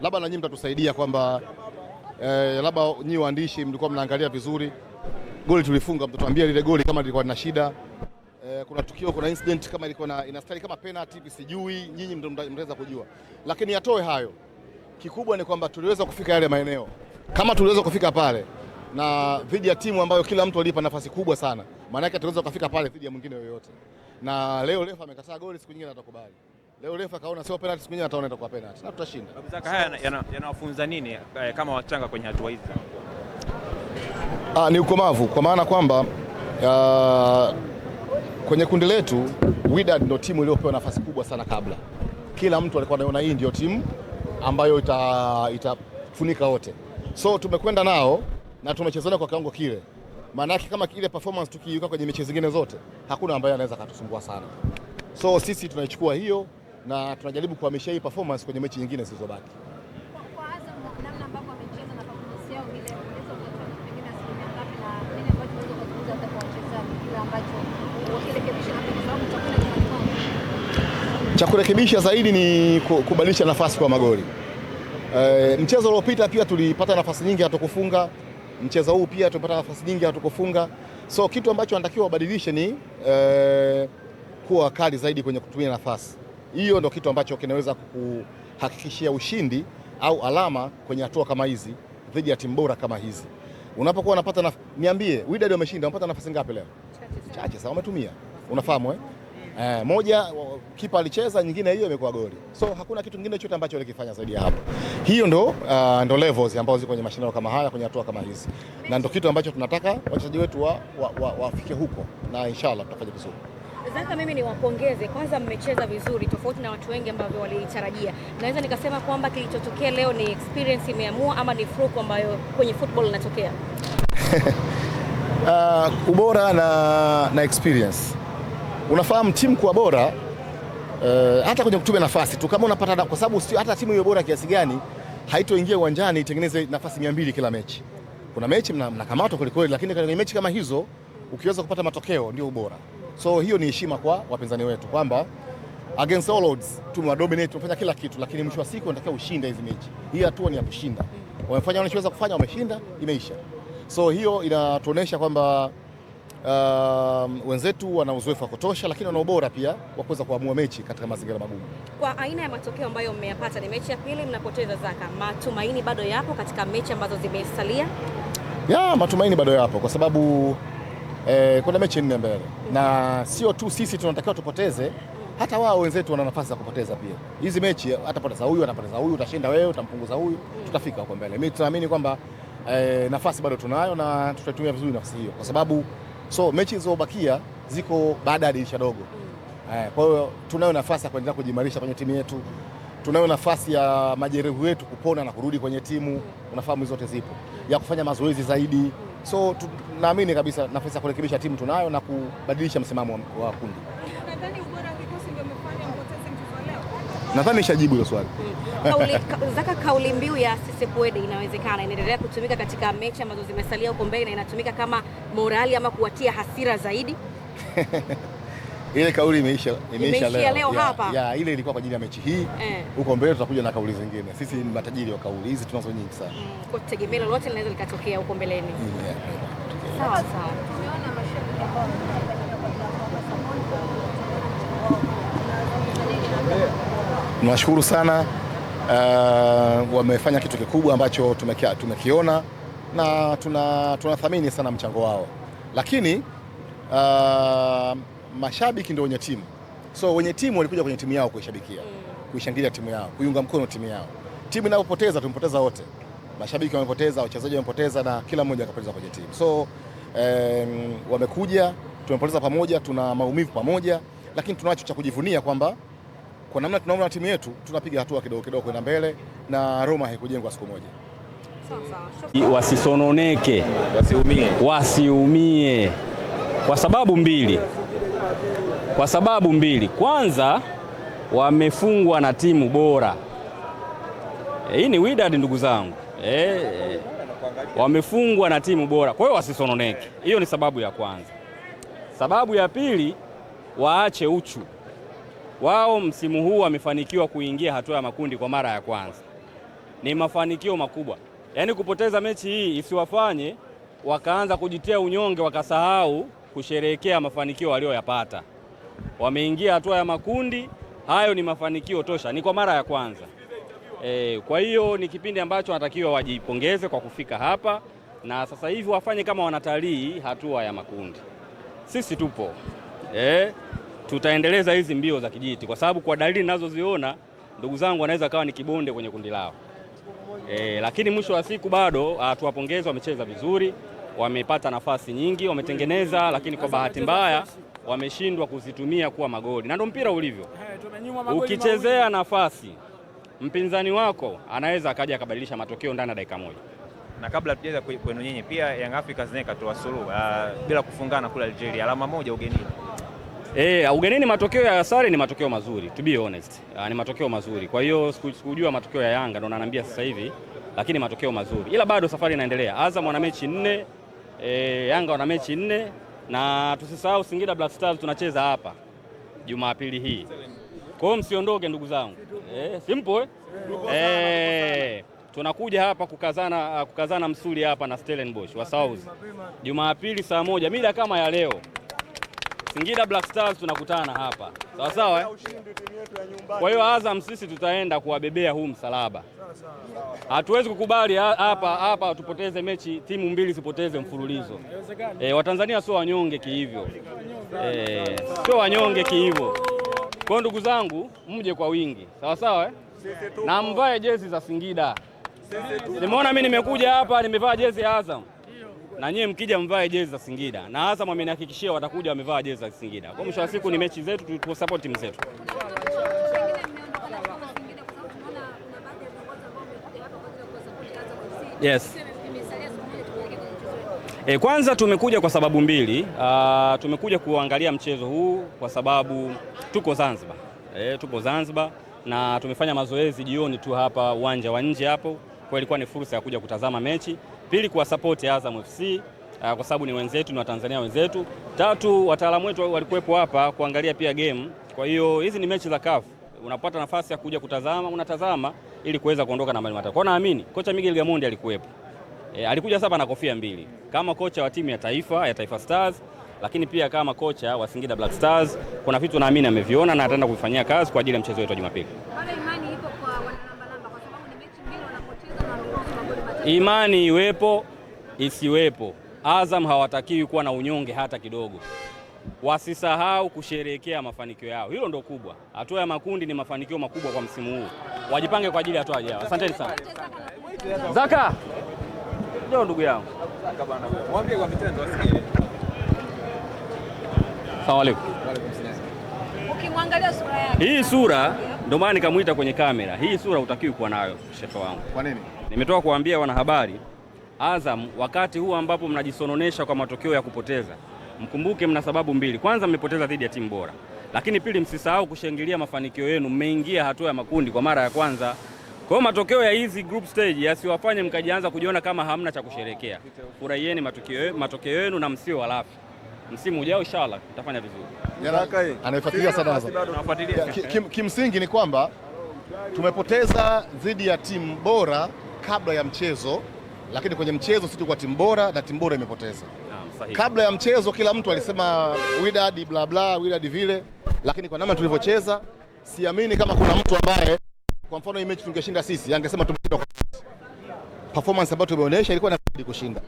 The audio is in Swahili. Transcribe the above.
labda na nyinyi mtatusaidia kwamba eh, labda nyinyi waandishi mlikuwa mnaangalia vizuri goli tulifunga, mtatuambia lile goli kama lilikuwa na shida eh, kuna tukio, kuna incident kama ilikuwa na inastahili kama penalty hivi, sijui nyinyi mtaweza kujua, lakini yatoe hayo. Kikubwa ni kwamba tuliweza kufika yale maeneo, kama tuliweza kufika pale na dhidi ya timu ambayo kila mtu alipa nafasi kubwa sana, maana yake tunaweza kufika pale dhidi ya mwingine yoyote, na leo refa amekataa goli, siku nyingine atakubali. Leo refa kaona sio penalty, siku nyingine ataona itakuwa penalty na tutashinda. Haya yanawafunza nini eh, kama wachanga kwenye hatua hizi? Ah, ni ukomavu kwa maana kwamba kwenye kundi letu Wydad ndio timu iliyopewa nafasi kubwa sana kabla. Kila mtu alikuwa anaona hii ndio timu ambayo itafunika ita wote, so tumekwenda nao na tumechezana kwa kiwango kile. Maana yake kama ile performance tukiiweka kwenye mechi zingine zote, hakuna ambaye anaweza akatusumbua sana. So sisi tunaichukua hiyo na tunajaribu kuhamisha hii performance kwenye mechi nyingine zilizobaki. Cha kurekebisha zaidi ni kubadilisha nafasi kwa magoli. E, mchezo uliopita pia tulipata nafasi nyingi hatukufunga. Mchezo huu pia tumepata nafasi nyingi hatukufunga. So kitu ambacho anatakiwa wabadilishe ni e, kuwa kali zaidi kwenye kutumia nafasi. Hiyo ndo kitu ambacho kinaweza kuhakikishia ushindi au alama kwenye hatua kama hizi dhidi ya timu bora kama hizi. Unapokuwa unapata naf... niambie, Wydad wameshinda, wamepata nafasi ngapi leo? Chache sana, wametumia. Unafahamu eh? Eh, moja kipa alicheza, nyingine hiyo imekuwa goli. So hakuna kitu kingine chote ambacho alikifanya zaidi ya hapo. Hiyo ndo uh, ndo levels ambazo ziko kwenye mashindano kama haya, kwenye hatua kama hizi, na ndo kitu ambacho tunataka wachezaji wetu wafike wa, wa, wa huko, na inshallah tutafanya vizuri. Zaka, mimi niwapongeze kwanza, mmecheza vizuri tofauti na watu wengi ambao walitarajia. Naweza nikasema kwamba kilichotokea leo ni experience imeamua ama ni fluke ambayo kwenye football inatokea. Uh, ubora na, na experience. Unafahamu timu kuwa bora uh, hata kwenye kutumia nafasi tu kama unapata, kwa sababu hata timu hiyo bora kiasi gani haitoingia uwanjani itengeneze nafasi mbili kila mechi. Kuna mechi mnakamatwa mna kwelikweli, lakini kwenye mechi kama hizo ukiweza kupata matokeo ndio ubora. So hiyo ni heshima kwa wapinzani wetu kwamba against all odds dominate, tumefanya kila kitu, lakini mwisho wa siku unatakiwa ushinde hizi mechi. Hii hatua ni ya kushinda, wamefanya wanachoweza kufanya, wameshinda, imeisha. So hiyo inatuonesha kwamba Um, wenzetu wana uzoefu wa kutosha lakini wana ubora pia wa kuweza kuamua mechi katika mazingira magumu. Kwa aina ya matokeo ambayo mmeyapata, ni mechi ya pili mnapoteza Zaka, matumaini bado yapo katika mechi ambazo zimesalia? Ya, matumaini bado yapo kwa sababu eh, kuna mechi nne mbele na sio tu sisi tunatakiwa tupoteze, hata wao wenzetu wana nafasi za kupoteza pia. Hizi mechi atapoteza huyu, atapoteza huyu, utashinda wewe, utampunguza huyu, tutafika huko mbele. Mimi tunaamini kwamba eh, nafasi bado tunayo na tutaitumia vizuri nafasi hiyo, kwa sababu so mechi zilizobakia ziko baada ya dirisha dogo. Eh, kwa hiyo tunayo nafasi ya kuendelea kujimarisha kwenye timu yetu, tunayo nafasi ya majeruhi wetu kupona na kurudi kwenye timu. Unafahamu hizo zote zipo, ya kufanya mazoezi zaidi So tunaamini kabisa nafasi ya kurekebisha timu tunayo na kubadilisha msimamo wa kundi. Nadhani nishajibu hilo swali. Zaka, kauli mbiu ya sisi kwede inawezekana inaendelea kutumika katika mechi ambazo zimesalia huko mbele na inatumika kama morali ama kuwatia hasira zaidi? ile kauli imeisha, imeisha leo, leo ya, hapa. Ya, ile ilikuwa kwa ajili ya mechi hii eh. huko eh, mbele tutakuja na kauli zingine. Sisi ni matajiri wa kauli hizi, tunazo nyingi sana mm, kwa tegemeo lolote linaweza likatokea huko mbeleni mm, yeah, yeah. Sawa sawa. Tumeona mashabiki ambao tunawashukuru sana uh, wamefanya kitu kikubwa ambacho tumekia, tumekiona na tunathamini tuna sana mchango wao, lakini uh, mashabiki ndio wenye timu, so wenye timu walikuja kwenye timu yao kuishabikia, mm. kuishangilia timu yao, kuiunga mkono timu yao. Timu inapopoteza tumepoteza wote, mashabiki wamepoteza, wachezaji wamepoteza, na kila mmoja akapoteza kwenye timu. So um, wamekuja, tumepoteza pamoja, tuna maumivu pamoja, lakini tunacho cha kujivunia kwamba kwa namna tunaona timu yetu tunapiga hatua kidogo kidogo kwenda mbele, na Roma haikujengwa siku moja. Wasisononeke, wasiumie, wasiumie kwa sababu mbili kwa sababu mbili. Kwanza, wamefungwa na timu bora. Eh, hii e, ni Wydad ndugu zangu e, e, wamefungwa na timu bora, kwa hiyo wasisononeke. Hiyo ni sababu ya kwanza. Sababu ya pili, waache uchu wao. Msimu huu wamefanikiwa kuingia hatua ya makundi kwa mara ya kwanza, ni mafanikio makubwa. Yaani kupoteza mechi hii isiwafanye wakaanza kujitia unyonge, wakasahau kusherehekea mafanikio walioyapata wameingia hatua ya makundi. Hayo ni mafanikio tosha, ni kwa mara ya kwanza e. Kwa hiyo ni kipindi ambacho wanatakiwa wajipongeze kwa kufika hapa, na sasa hivi wafanye kama wanatalii hatua ya makundi. Sisi tupo e, tutaendeleza hizi mbio za kijiti kwa sababu kwa dalili nazoziona ndugu zangu wanaweza kawa ni kibonde kwenye kundi lao e, lakini mwisho wa siku bado tuwapongeze, wamecheza vizuri wamepata nafasi nyingi, wametengeneza, lakini kwa bahati mbaya wameshindwa kuzitumia kuwa magoli, na ndio mpira ulivyo. Eh, Ukichezea nafasi mpinzani wako anaweza akaja akabadilisha matokeo ndani ya dakika moja. Na kabla tujaweza kwenu nyinyi, pia Young Africans naye katoa suluhu uh, bila kufungana kule Algeria, alama moja ugenini. E, ugenini matokeo ya sare ni matokeo mazuri, to be honest. Uh, ni matokeo mazuri, kwa hiyo sikujua matokeo ya Yanga ndo naambia sasa hivi, lakini matokeo mazuri, ila bado safari inaendelea. Azam ana mechi nne e, Yanga wana mechi nne na tusisahau Singida Black Stars tunacheza hapa Jumapili hii. Kwa hiyo msiondoke ndugu zangu e, simple eh? e, tunakuja hapa kukazana, kukazana msuli hapa na Stellenbosch wa South Jumapili saa moja mida kama ya leo. Singida Black Stars tunakutana hapa sawa sawa eh? Kwa hiyo Azam sisi tutaenda kuwabebea huu msalaba, hatuwezi kukubali hapa hapa tupoteze mechi, timu mbili zipoteze mfululizo e, Watanzania sio wanyonge kihivyo e, eh, sio wanyonge kihivyo. Kwa ndugu zangu, mje kwa wingi sawa sawa eh? na mvae jezi za Singida. Nimeona mimi nimekuja hapa nimevaa jezi ya Azam na nyie mkija mvae jezi za Singida, na hasa mamenihakikishia watakuja wamevaa jezi za Singida. Kwa mwisho wa siku ni mechi zetu, tu support timu zetu. Yes. E, kwanza tumekuja kwa sababu mbili. Aa, tumekuja kuangalia mchezo huu kwa sababu tuko Zanzibar. E, tuko Zanzibar na tumefanya mazoezi jioni tu hapa uwanja wa nje hapo, kwa ilikuwa ni fursa ya kuja kutazama mechi Pili, kuwasapoti Azam FC ah, kwa sababu ni wenzetu, ni Watanzania wenzetu. Tatu, wataalamu wetu walikuwepo hapa kuangalia pia game. Kwa hiyo hizi ni mechi za CAF, unapata nafasi ya kuja kutazama, unatazama ili kuweza kuondoka na mali matatu. Kwa naamini kocha Miguel Gamondi alikuwepo, e, alikuja sasa na kofia mbili kama kocha wa timu ya taifa ya Taifa Stars, lakini pia kama kocha wa Singida Black Stars. Kuna vitu naamini ameviona na ataenda kuvifanyia kazi kwa ajili ya mchezo wetu wa Jumapili. Imani iwepo isiwepo, Azam hawatakiwi kuwa na unyonge hata kidogo. Wasisahau kusherehekea mafanikio yao, hilo ndo kubwa. Hatua ya makundi ni mafanikio makubwa kwa msimu huu, wajipange kwa ajili ya hatua ijayo. Asanteni sana. Zaka ndio ndugu yangu, mwambie kwa vitendo asikie. alaykum. Ukimwangalia sura yake, hii sura ndio maana nikamwita kwenye kamera, hii sura utakiwi kuwa nayo shehe wangu. Kwa nini? Nimetoka kuambia wanahabari, Azam, wakati huu ambapo mnajisononesha kwa matokeo ya kupoteza, mkumbuke mna sababu mbili. Kwanza, mmepoteza dhidi ya timu bora, lakini pili, msisahau kushangilia mafanikio yenu. Mmeingia hatua ya makundi kwa mara ya kwanza. Kwa matokeo ya hizi group stage yasiwafanye mkajianza kujiona kama hamna cha kusherekea. Furahieni matokeo yenu na msio walafi. Msimu ujao inshallah tutafanya vizuri. Anaifuatilia sana Azam. Kimsingi ni kwamba tumepoteza dhidi ya timu bora kabla ya mchezo, lakini kwenye mchezo sisi tulikuwa timu bora na timu bora imepoteza. Kabla ya mchezo kila mtu alisema Widadi bla bla, Widadi vile, lakini kwa namna tulivyocheza siamini kama kuna mtu ambaye kwa mfano hii mechi tungeshinda sisi, angesema tumeshinda. Performance ambayo tumeonyesha ilikuwa na kushinda.